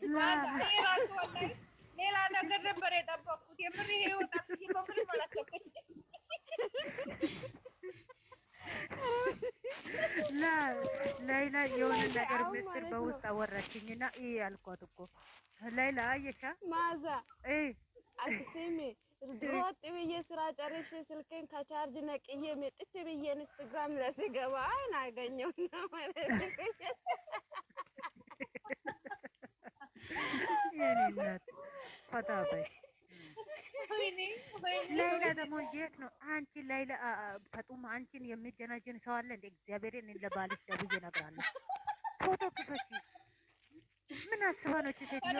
ሌላ ነገር ነበር የጠበኩት። የምር ይሄ ይወጣል ምንም አላሰብኩት። ላይላ የሆነ ነገር ምስጢር በውስጥ አወራችኝና ይሄ ያልኳት እኮ ላይላ አየሻ ማዛ አክሲሜ ሮጥ ብዬ ስራ ጨርሼ ስልኬን ከቻርጅ ነቅዬ መጥቼ ብዬ ኢንስታግራም ለስገባ አገኘውና ማለት ላይላ ደግሞ የት ነው አንቺን? ላይላ ፈጡማ አንቺን የሚጀናጀን ሰው አለ እንደ እግዚአብሔርን ለባልሽ ደውዬ እነግራለሁ። ፎቶ ክፈች። ምን አስባ ነው ሴትዮ?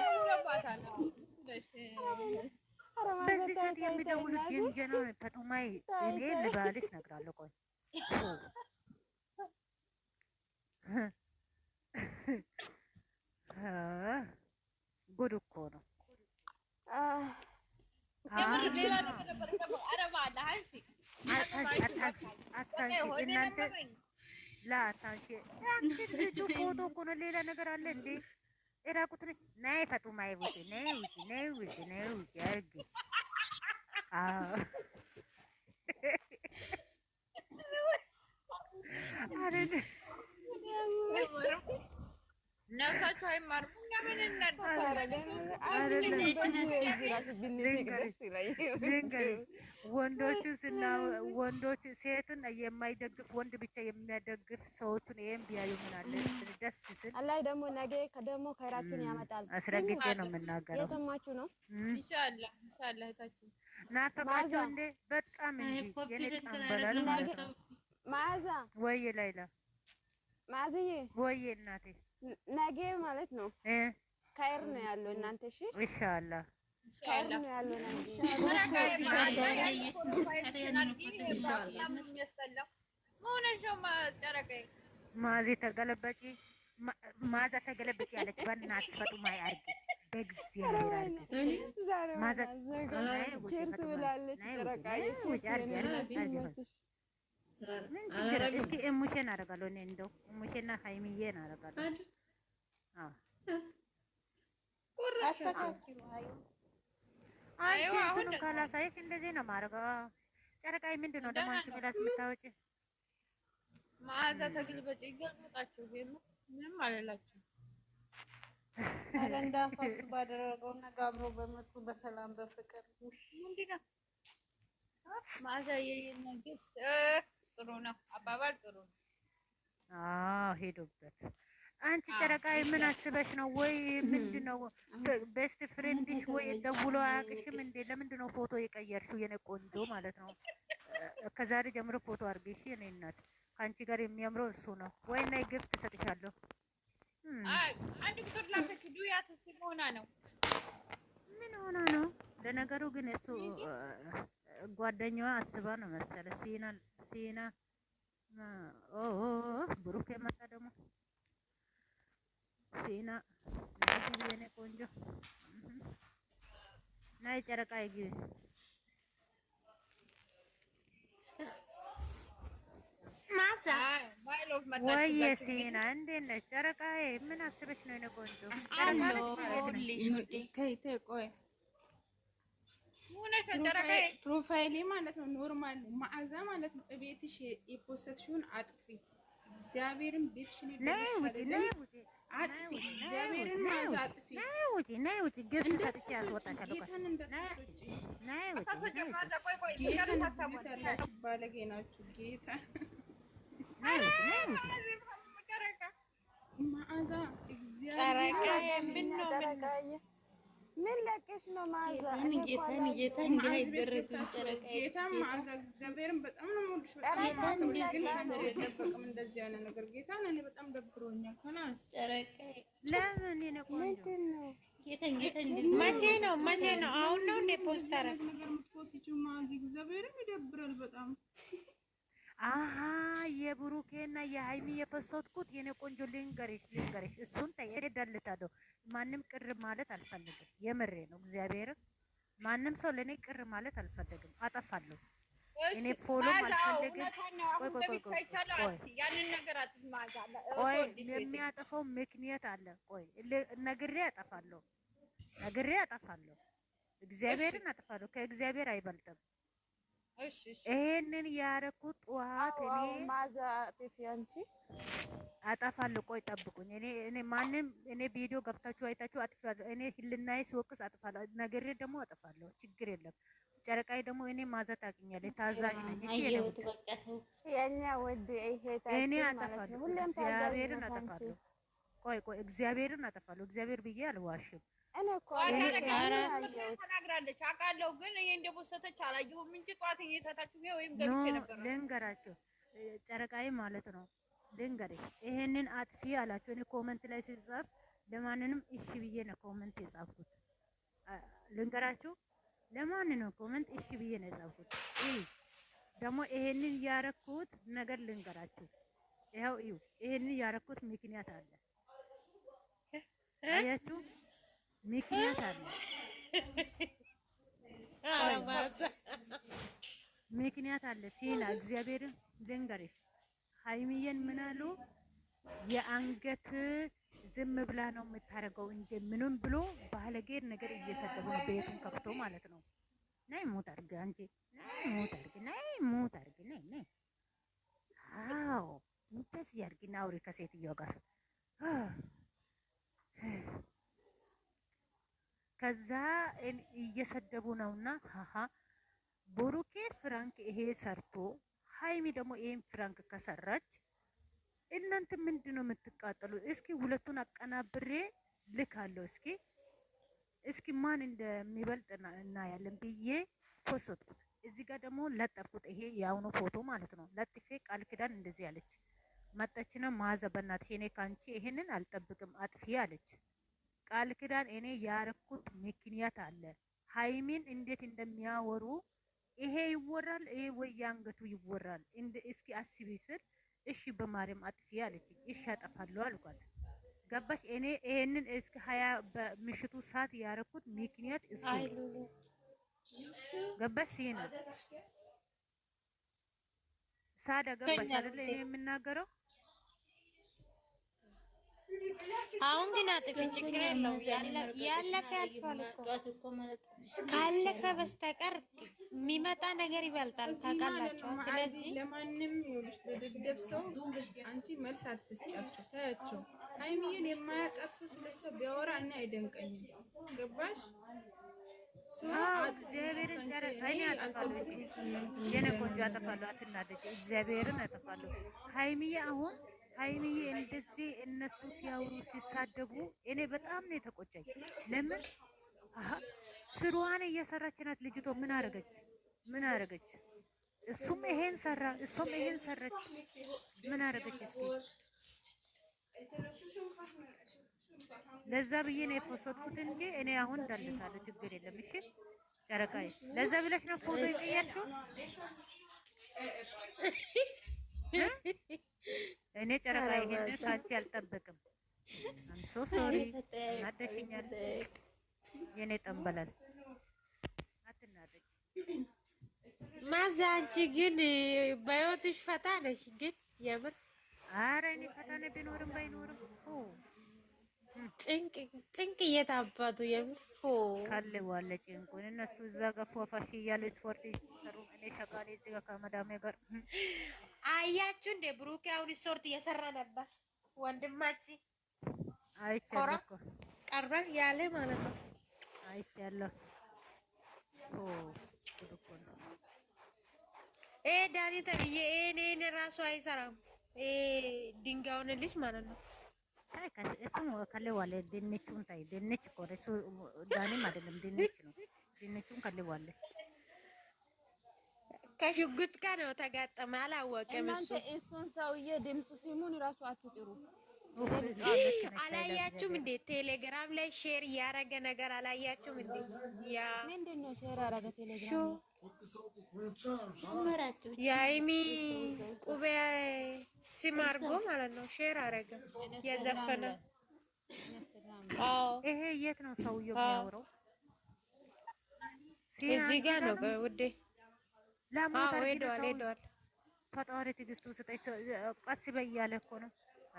በዚህ ሰዓት የሚደውሉ ጀንጀና ፈጡማ፣ እኔ ለባልሽ እነግራለሁ። ቆይ ጉድ እኮ ነው። ላታንሽልጁ ፎቶ እኮ ነው። ሌላ ነገር አለ እንዴ? የራቁት ነይ ፈጡማ ውጪ፣ ነይ ውጪ፣ ነይ ውጪ፣ ነይ ውጪ አድርጊ። አዎ ነፍሳቸው አይማርም። እኛ ምን ወንዶች ሴትን የማይደግፍ ወንድ ብቻ የሚያደግፍ ሰዎቹን ይህም ቢያዩ ምናለ ደስ ስል አላይ ደግሞ ነገ ያመጣል። አስረግጬ ነው የምናገረው። የሰማችሁ ነው ናፈቃቸው እንዴ በጣም ማዛ ወይ ላይላ ማዝዬ ወይ እናቴ ነገ ማለት ነው። ከይር ነው ያለው እናንተ እሺ፣ ኢንሻአላህ ማዚ ተገለበጪ ማዛ ተገለበጪ ያለች በእናትሽ ፈጡማ አድርጊ፣ በእግዚአብሔር አድርጊ። እስኪ እሙሼን አደርጋለሁ እኔ እንደው እሙሼና ሀይሚዬን አደርጋለሁ አንቺ ካላሳይሽ እንደዚህ ነው የማደርገው። ጨረቃዬ ምንድን ነው ደግሞ አንቺ ምላስ የምታወጪ? መዓዛ ተግልበጭ ይገልመጣችሁ ምንም አለላችሁ ኧረ ባደረገው እና አብሮ በመጡ በሰላም በፍቅር ምንድን ነው መዓዛ የነገስት ጥሩ ነው አባባል ጥሩ ነው ሄዶበት አንቺ ጨረቃ ምን አስበሽ ነው ወይ ምንድን ነው ቤስት ፍሬንድሽ ወይ ደውሎ አያውቅሽም እንዴ ለምንድን ነው ፎቶ የቀየርሽው የኔ ቆንጆ ማለት ነው ከዛሬ ጀምሮ ፎቶ አድርጊሽ የኔ እናት ከአንቺ ጋር የሚያምረው እሱ ነው ወይ ነይ ግፍት እሰጥሻለሁ አንድ ቁጥር ላከች ዱያት ሲሞና ነው ምን ሆና ነው ለነገሩ ግን እሱ ጓደኛዋ አስባ ነው መሰለ ሲና ሲና ኦ ብሩክ የመጣ ደግሞ ሴና ናይግቢ የኔ ቆንጆ ናይ ጨረቃ ይግቢ። ወይዬ ሴና እንዴት ነሽ? ጨረቃ ምን አስበሽ ነው የኔ ቆንጆ? ፕሮፋይሌ ማለት ነው ኖርማል ነው መዓዛ ማለት ነው። እቤትሽ የፖሰትሽውን አጥፊ እግዚአብሔርን ቤትሽን አጥፊ እግዚአብሔርን ማዛ አጥፊ ነይ ውጪ ነይ ውጪ ገብሽ ሰጥቼ ያስወጣሻለሁ ነይ ውጪ ባለጌ ናችሁ ጌታ ማዕዛ እግዚአብሔር ምን ለቅሽ ነው ማዛ እኔ ጌታን ጌታ እንዲህ ጨረቃ ጌታ ማዛ እግዚአብሔርን በጣም ነው የምወድሽ። በጣም ግን አንቺ አይደበቅም እንደዚህ ያለ ነገር ጌታን እኔ በጣም ደብሮኛል። ኮናስ ጨረቃ ለምን ነው ምንድን ነው ጌታን ጌታን መቼ ነው መቼ ነው አሁን ነው እንደ ፖስተር ነገር ምትፖስቺው ማዚ እግዚአብሔርን ይደብራል በጣም አሀ የብሩኬና የሀይሚ የፈሰትኩት የኔ ቆንጆ ልንገርሽ ልንገርሽ፣ እሱን ተየደልታለሁ። ማንም ቅር ማለት አልፈልግም። የምሬ ነው እግዚአብሔር። ማንም ሰው ለእኔ ቅር ማለት አልፈልግም። አጠፋለሁ እኔ ፎሎ ቆይ የሚያጠፋው ምክንያት አለ። ቆይ ነግሬ አጠፋለሁ፣ ነግሬ አጠፋለሁ፣ እግዚአብሔርን አጠፋለሁ። ከእግዚአብሔር አይበልጥም። ይሄንን ያደረኩት ጠዋት እኔ ያንቺ አጠፋለሁ። ቆይ ጠብቁኝ። እኔ እኔ ማንም እኔ ቪዲዮ ገብታችሁ አይታችሁ አጥፋለሁ። እኔ ህልናዬ ሲወቅስ አጥፋለሁ፣ ነገሬ ደግሞ አጥፋለሁ። ችግር የለም። ጨረቃይ ደግሞ እኔ ማዛ ታውቂኛለሽ፣ ታዛዥ ነኝ። እሺ እኔ አጠፋለሁ፣ እግዚአብሔርን ነኝ። ቆይ ቆይ፣ እግዚአብሔርን አጠፋለሁ። እግዚአብሔር ብዬ አልዋሽም። እኔ እኮ ተናግራለች አውቃለሁ፣ ግን ይሄ እንደቦሰተች አላየሁም እንጂ ጠዋት እየታታችሁ ወይም ገብቼ ነበር። ልንገራቸው ጨረቃዬ ማለት ነው። ልንገርሽ ይሄንን አጥፊ አላችሁ። እኔ ኮመንት ላይ ሲጻፍ ለማንንም እሺ ብዬ ነው ኮመንት የጻፍኩት። ልንገራችሁ ለማንንም ኮመንት እሺ ብዬ ነው የጻፍኩት። ደግሞ ይሄንን ያረኩት ነገር ልንገራችሁ፣ ይኸው እዩ። ይሄንን ያረኩት ምክንያት አለ አያችሁ ምክንያት አለ። ምክንያት አለ ሲላ እግዚአብሔር ልንገርሽ፣ ሀይሚዬን ምን አሉ? የአንገት ዝም ብላ ነው የምታደርገው እንጂ ምንም ብሎ ባለጌር ነገር እየሰደቡ ነው፣ ቤቱን ከፍቶ ማለት ነው። ናይ ሞት አድርግ አንቺ፣ ናይ ሞት አድርግ፣ ናይ ሞት አድርግ፣ ናይ ናይ። አዎ እንደዚህ አድርጊና አውሪ ከሴትዮዋ ጋር ከዛ እየሰደቡ ነውና ሀሀ ቦሩኬ ፍራንክ ይሄ ሰርቶ ሀይሚ ደግሞ ይሄን ፍራንክ ከሰራች እናንተ ምንድን ነው የምትቃጠሉ? እስኪ ሁለቱን አቀናብሬ ልካለሁ። እስኪ እስኪ ማን እንደሚበልጥ እናያለን ብዬ ፖስትኩት። እዚህ ጋር ደግሞ ለጠፍኩት። ይሄ የአሁኑ ፎቶ ማለት ነው። ለጥፌ ቃል ኪዳን እንደዚህ አለች። መጣችና ማዘ በናትሽ ካንቺ ይሄንን አልጠብቅም አጥፊ አለች። ቃል ኪዳን እኔ ያረኩት ምክንያት አለ። ሀይሚን እንዴት እንደሚያወሩ ይሄ ይወራል፣ ይሄ ወይ ያንገቱ ይወራል። እንደ እስኪ አስቢ ስል እሺ በማርያም አጥፊ አለች። እሺ አጠፋለሁ አልኳት። ገባሽ? እኔ ይሄንን እስኪ ሀያ በምሽቱ ሰዓት ያረኩት ምክንያት እሱ ገባሽ? ሲና ሳዳ ገባሽ አይደለ? እኔ የምናገረው አሁን ግን አጥፊ ችግር የለው። ያለፈ ያልፋል እኮ ካለፈ በስተቀር የሚመጣ ነገር ይበልጣል። ታውቃላችሁ። ስለዚህ ለማንም ይኸውልሽ፣ ሰው አንቺ መልስ አትስጫቸው፣ ታያቸው። ሀይሚዬን የማያውቃት ሰው ስለሷ ቢያወራ እኔ አይደንቀኝም። ገባሽ? እግዚአብሔርን አጠፋለሁ። ሀይሚዬ አሁን ሀይሚዬ እንደዚህ እነሱ ሲያወሩ ሲሳደቡ እኔ በጣም ነው የተቆጨኝ። ለምን ስሯን እየሰራች ናት ልጅቷ። ምን አረገች? ምን አረገች? እሱም ይሄን ሰራ፣ እሱም ይሄን ሰራች። ምን አረገች እስኪ? ለዛ ብዬ ነው የፖስትኩት እንጂ እኔ አሁን እንዳልታለ ችግር የለም እሺ ጨረቃዬ። ለዛ ብለሽ ነው ፎቶ ይቀየርሽው እኔ ጨረቃ ይሄን ካንቺ አልጠበቅም። ሶ ሶሪ አደሽኛል። የኔ ጠንበላል አትናደቂ። ማዛ አንቺ ግን በህይወትሽ ፈታ ነሽ ግን የምር። አረ እኔ ፈታ ነኝ ቢኖርም ባይኖርም ጭንቅ እየታባቱ የሚኮ ታልቧል። ጭንቁን እነሱ እዛ ገፎፋሽ እያሉ ስፖርት ይሰሩ። እኔ ሸቃሌ እዚህ ጋር ከመዳሜ ጋር አያችሁ እንዴ? ብሩኬ አሁን ስፖርት እየሰራ ነበር። ወንድማች አይቻለ ቀረ ያለ ማለት ነው። አይቻለሁ። ይሄ ዳኒ ተብዬ ይሄን ራሱ አይሰራም። ድንጋዩን ልጅ ማለት ነው እሱም ከሌዋለ ድንቹን ታይ ድንች እኮ እሱ ዳንም አይደለም ድንች ነው። ድንቹን ከሌዋለ ከሽጉጥ ጋር ነው ተጋጠመ። አላወቀም እሱ እሱን ሰውዬ ድምፅ ሲሙን ራሱ አትጥሩ። አላያችሁም እንዴ? ቴሌግራም ላይ ሼር ያረገ ነገር አላያችሁም እንዴ? ያ ምንድን ነው ሼር ያረገ ቴሌግራም? ያ ቁቤ ሲማርጎ ማለት ነው። ሼር አረገ የዘፈነ ይሄ የት ነው ሰውየው የሚያወራው? እዚህ ጋር ነው ውዴ። ሄደዋል ሄደዋል። ፈጣሪ ትግስቱ ስጠኝ። ቀስ በይ እያለ እኮ ነው።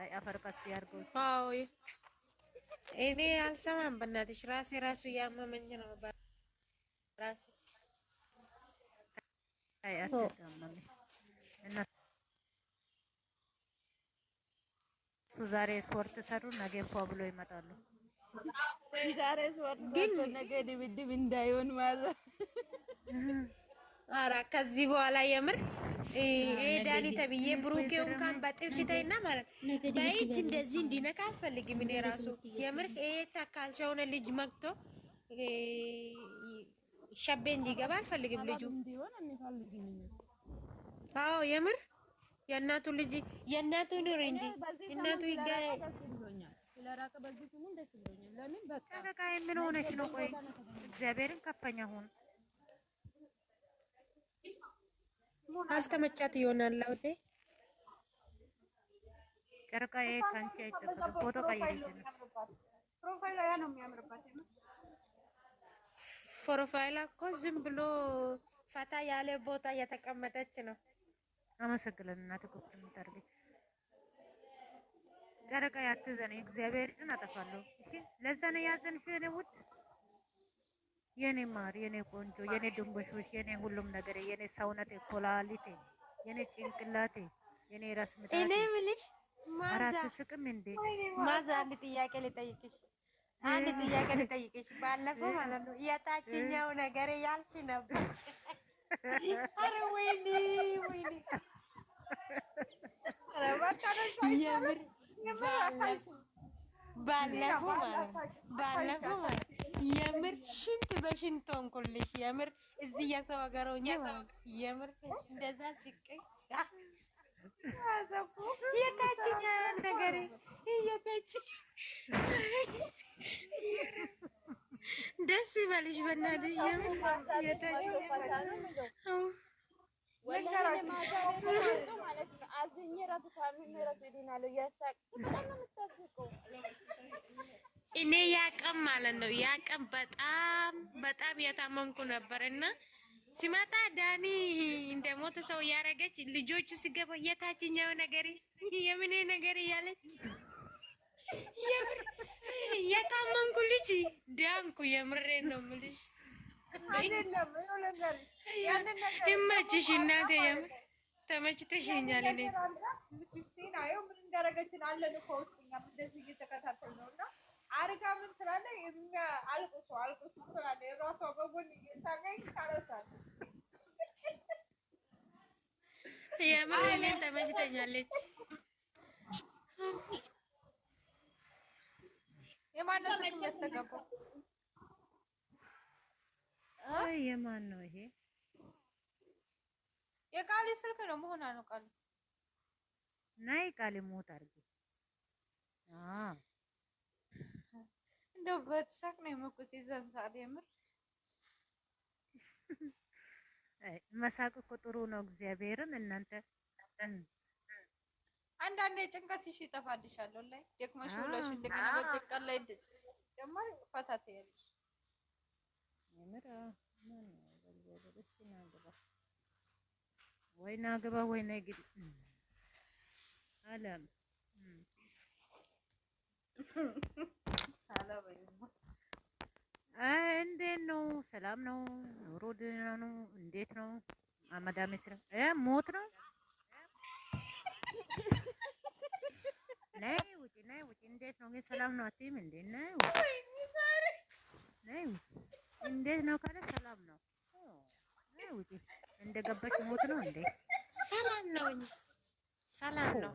አይ አፈር ቀስ ያድርገው። እኔ አልሰማም። በእናትሽ ራሴ ራሱ እያመመኝ ነው። ራሴ ዛሬ ስፖርት ሰሩ፣ ነገ ፏ ብሎ ይመጣሉ። ዛሬ ስፖርት ሰሩ፣ ነገ ድብድብ እንዳይሆን ማለት ኧረ ከዚህ በኋላ የምር ይሄ ዳኒ ተብዬ ብሩኬው እንኳን በጥፊ ተይና ማለት በእጅ እንደዚህ እንዲነካ አልፈልግም። እኔ ራሱ የምር ይሄ ተካልሸውን ልጅ መግቶ ሸቤ እንዲገባ አልፈልግም ልጁ። አዎ የምር የእናቱ ልጅ የእናቱ ኑር እንጂ እናቱ ይጋራ ስለራቀ በዚህ ስሙ ደስ ብሎኛል። ለምን በቃ በቃ የምን ሆነች ነው? ቆይ እግዚአብሔርን ከፈኛ ሁን አልተመቻት ይሆናል። ለውዴ ጨረቃዬ ካንቺ አይጠበቅ ፎቶ ቀይረች። ፕሮፋይሏ ያ ነው የሚያምርባት። ፕሮፋይሏ እኮ ዝም ብሎ ፈታ ያለ ቦታ እየተቀመጠች ነው አመሰግናለሁ። እናቴ ክፉ የምታደርገኝ ጨረቃ ያትዘን እግዚአብሔር እን አጠፋለሁ። እሺ ለዛ ነው ያዘንሽ የኔ ውድ፣ የኔ ማር፣ የኔ ቆንጆ፣ የኔ ድንቦሾች፣ የኔ ሁሉም ነገር፣ የኔ ሰውነቴ፣ ኮላሊቴ፣ የኔ ጭንቅላቴ፣ የኔ ራስ ምታቴ። እኔ የምልሽ ማዛ ስቅም እንዴ ማዛ፣ አንድ ጥያቄ ልጠይቅሽ አንድ ጥያቄ ልጠይቅሽ። ባለፈው ማለት ነው የታችኛው ነገር ያልሽ ነበር። አረ ወይኔ ወይኔ ባለፈው የምር ሽንት በሽንት ሆንኩልሽ። የምር እዚህ የሰው ሀገር ሆኜ የምር እንደዛ ስቀኝ እየታችኝ ነገር እየታችኝ ደስ ይበልሽ በእናትሽ የምር እኔ ያ ማለት ነው በጣም በጣም እያታመምኩ ነበር እና ሲመጣ ዳኒ እንደሞተ ሰው እያደረገች ልጆቹ ሲገባ የታችኛው ነገር የምን ነገር እያለች ልጅ ዳንኩ። ነው የምልሽ ይመችሽ እናቴ፣ የምር ተመችተሽኛል። እኔ ምን አርጋ ምን ትላለህ? አልቅሱ አልቅሱ ትላለህ። የራሷ በጎን እየሳቀኝ ታለሳለች። የምር እኔን ተመችተኛለች። የማነሱ የሚያስተጋባው አይ የማን ነው ይሄ? የቃሌ ስልክ ነው መሆና ነው ቃሌ ናይ ቃሌ ሞት አድርጊ። አዎ እንደው በተሳቅ ነው የሞቁት የዛን ሰዓት የምር መሳቅ እኮ ጥሩ ነው። እግዚአብሔርን እናንተ አንዳንዴ ጭንቀትሽ ይጠፋልሻል። ላይ ደክመሽ ውለሽ እንደገና በጭንቀት ላይ ደግሞ ፈታ ትያለሽ። የምር ማን ነው በእግዚአብሔር እስኪ ናግባ ወይ ናግባ ወይ ነይ ነግድ አለም እንዴት ነው? ሰላም ነው? ኑሮ ደህና ነው? እንዴት ነው? አመዳሜ ስራ እ ሞት ነው። ነይ ውጪ፣ ነይ ውጪ። እንዴት ነው ግን ሰላም ነው? አትይም እንዴ? ነይ ውጪ፣ ነይ ውጪ እንዴት ነው ካለ ሰላም ነው ውጪ እንደገባች ሞት ነው እንዴ? ሰላም ነው ሰላም ነው።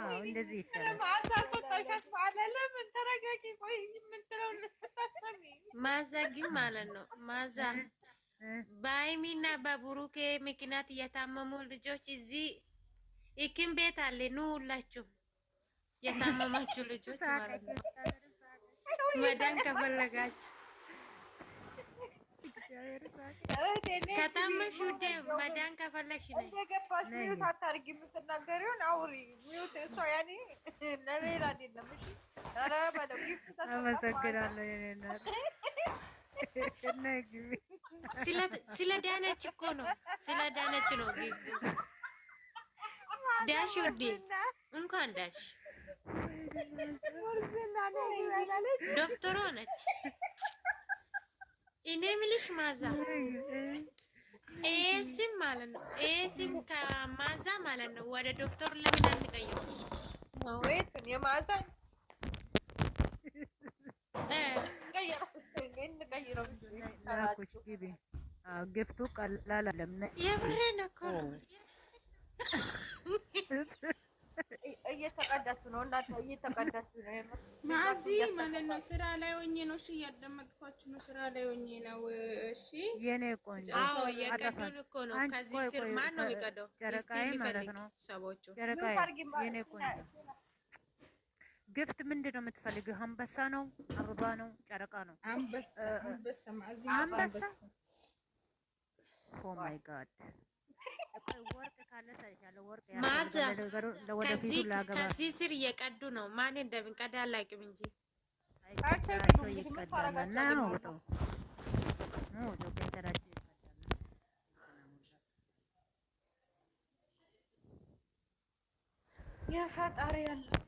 አዎ እንደዚህ ይሻላል። አሳስወጣሻት ባለለ ምን ተረጋጊ። ቆይ ምን ትለው ማዛ ግን ማለት ነው ማዛ በሀይሚና በቡሩኬ ምክንያት የታመሙ ልጆች እዚህ ሐኪም ቤት አለ። ኑ ሁላችሁ የታመማችሁ ልጆች ማለት ነው መዳን ከፈለጋችሁ ከታመሽ ውዴ መዳን ከፈለግሽ ነይ። እንደገባሽ ሚዩት አታድርጊ። የምትናገሪውን አውሪ ሚዩት። እሷ ያኔ ለሌላ አይደለም። እሺ ኧረ በለው። ጊፍት አመሰግናለሁ። ስለ ዳነች እኮ ነው፣ ስለ ዳነች ነው ጊፍቱ። ዳሽ ውዴ እንኳን ዳሽ ዶክተር ነች። እኔ የምልሽ ማዛ ይሄ ስም ማለት ነው። ይሄ ከማዛ ማለት ነው። ወደ ዶክተር ለምን አንቀይርም? የማዛ ግፍቱ ቀላል አለም የምሬን እኮ ነው። እየተቀዳችሁ ነው እና እየተቀዳችሁ ነው ማዚ ማለት ነው። ስራ ላይ ሆኜ ነው። እሺ እያዳመጥኳችሁ ነው። ስራ ላይ ሆኜ ነው። እሺ የኔ ቆንጆ፣ አዎ እየቀዱን እኮ ነው። ከዚህ ስር ማን ነው የሚቀደው? ጨረቃዬ ማለት ነው። ሰቦቹ ጨረቃዬ፣ የኔ ቆንጆ ግፍት ምንድን ነው የምትፈልገው? አንበሳ ነው? አበባ ነው? ጨረቃ ነው? አንበሳ አንበሳ ማዚ አንበሳ ኦ ማይ ጋድ ማዛ ከዚህ ስር እየቀዱ ነው። ማን እንደምንቀዳ አላውቅም እንጂ የፈጣሪ ያለው